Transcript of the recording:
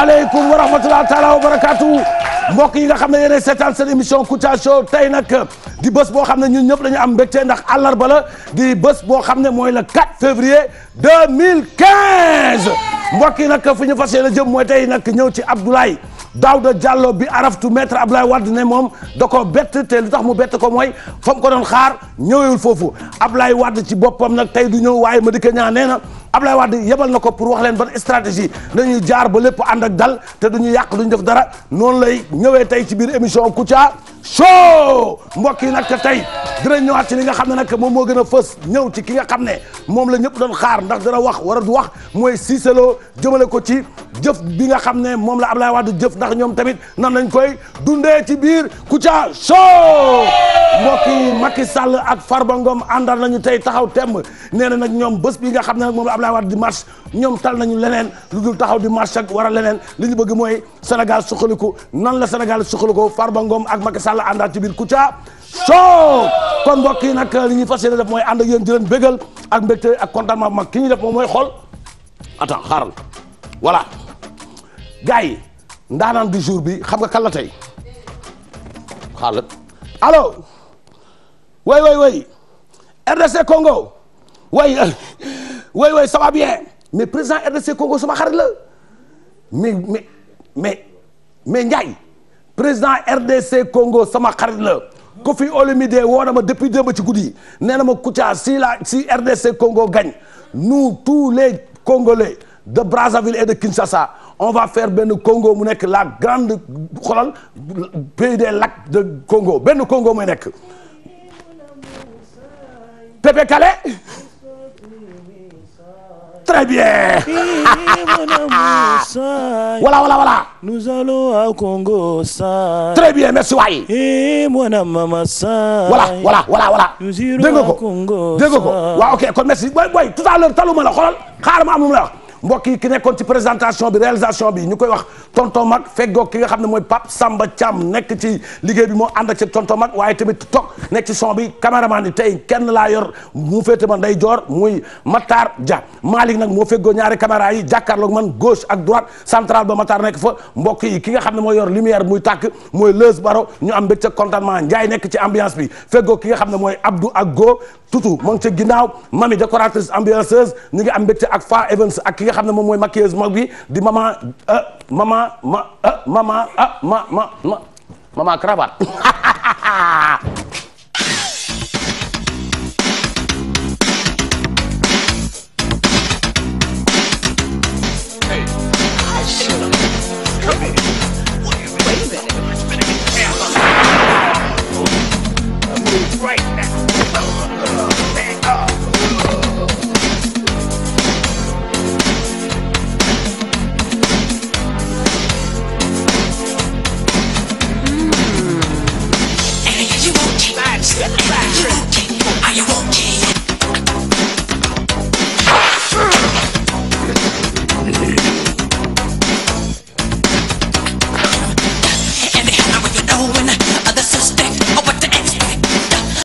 asalaamaaleykum wa rahmatulah taalaa wa barakaatu mbokk yi nga xam ne yéenay seetaan seen émission Kouthia Show tey nag di bés boo xam ne ñun ñëpp dañu am mbégte ndax àllarba la di bés boo xam ne mooy le 4 février 2015 mbokk yi nag fu ñu fas la jëm mooy tey nag ñëw ci Abdoulaye. Daouda Diallo bi araftu maître Abdoulaye Wade ne moom da bett te li tax mu bett ko mooy fa mu ko doon xaar ñëwewul foofu Abdoulaye Wade ci boppam nag tey du ñëw waaye ma Madické ñaa nee na Ablaye Wade yebal na ko pour wax leen ban stratégie nañu jaar ba lépp ànd ak dal te duñu yàq duñu def dara noonu lay ñëwee tey ci biir émission Kouthia Show mbokk yi nag tey dinañ ñëwaat ci li nga xam ne nag moom moo gën a fës ñëw ci ki nga xam ne moom la ñëpp doon xaar ndax dina wax war a du wax mooy Cissé Lo jëmale ko ci jëf bi nga xam ne moom la Ablaye Wade jëf ndax ñoom tamit nan nañ koy dundee ci biir Kouthia Show mbokk yi Macky Sall ak Farba Ngom àndal nañu tey taxaw temm nee na nag ñoom bés bi nga xam ne nag moom la Ablaye Wade di marche ñoom tal nañu leneen lu dul taxaw di marche ak war leneen li ñu bëgg mooy Sénégal suqaliku nan la Sénégal suqaliku Farba Ngom ak Macky Sall àndal ci biir Kouthia show kon mbokk yi nag li ñuy fas yéene def mooy ànd ak yéen di leen bégal ak mbégte ak contentement ki ñuy def mooy xool attends xaaral voilà gars yi ndaanaan du jour bi xam nga kan la tey xaaral allo way way way RDC Congo way way way ça bien mais président RDC Congo sama xarit la mais mais mais mais président RDC Congo sama xarit la Koffi Olomide woo na ma depuis démb ci guddi nee na ma Kouthia si la si RDC Congo gagne nous tous les Congolais de Brazzaville et de Kinshasa on va faire benn Congo mu nekk la grande xolal pays des lacs de Congo benn Congo muy nekk Pépé Kale très bien. Eh, voilà voilà voilà. nous bien merci waay. eh mon am mama ça. voilà voilà voilà voilà. nous irons ok kon merci booy booy tout à l'heure la mbokk yi ki nekkoon ci présentation bi réalisation bi ñu koy wax tonton mag feggoog ki nga xam ne mooy Pape Samba Thiam nekk ci liggéey bi moo ànd ak ci tonton mag waaye tamit toog nekk ci son bi caméraman yi tey kenn laa yor mu féete ma nday joor muy Matar Dia Malick nag moo feggoo ñaari caméra yi jàkkaarloog man gauche ak droite centrale ba Matar nekk fa mbokk yi ki nga xam ne mooy yor lumière muy tàkk mooy Leuz Baro ñu am mbégte nekk ci ambiance bi ki nga xam ne mooy Abdou ak Go tutu moo ngi nga xam ne moom mooy maquilleuse mag bi di maman ah euh, maman ma ah euh, maman ah ma ma ma maman cravate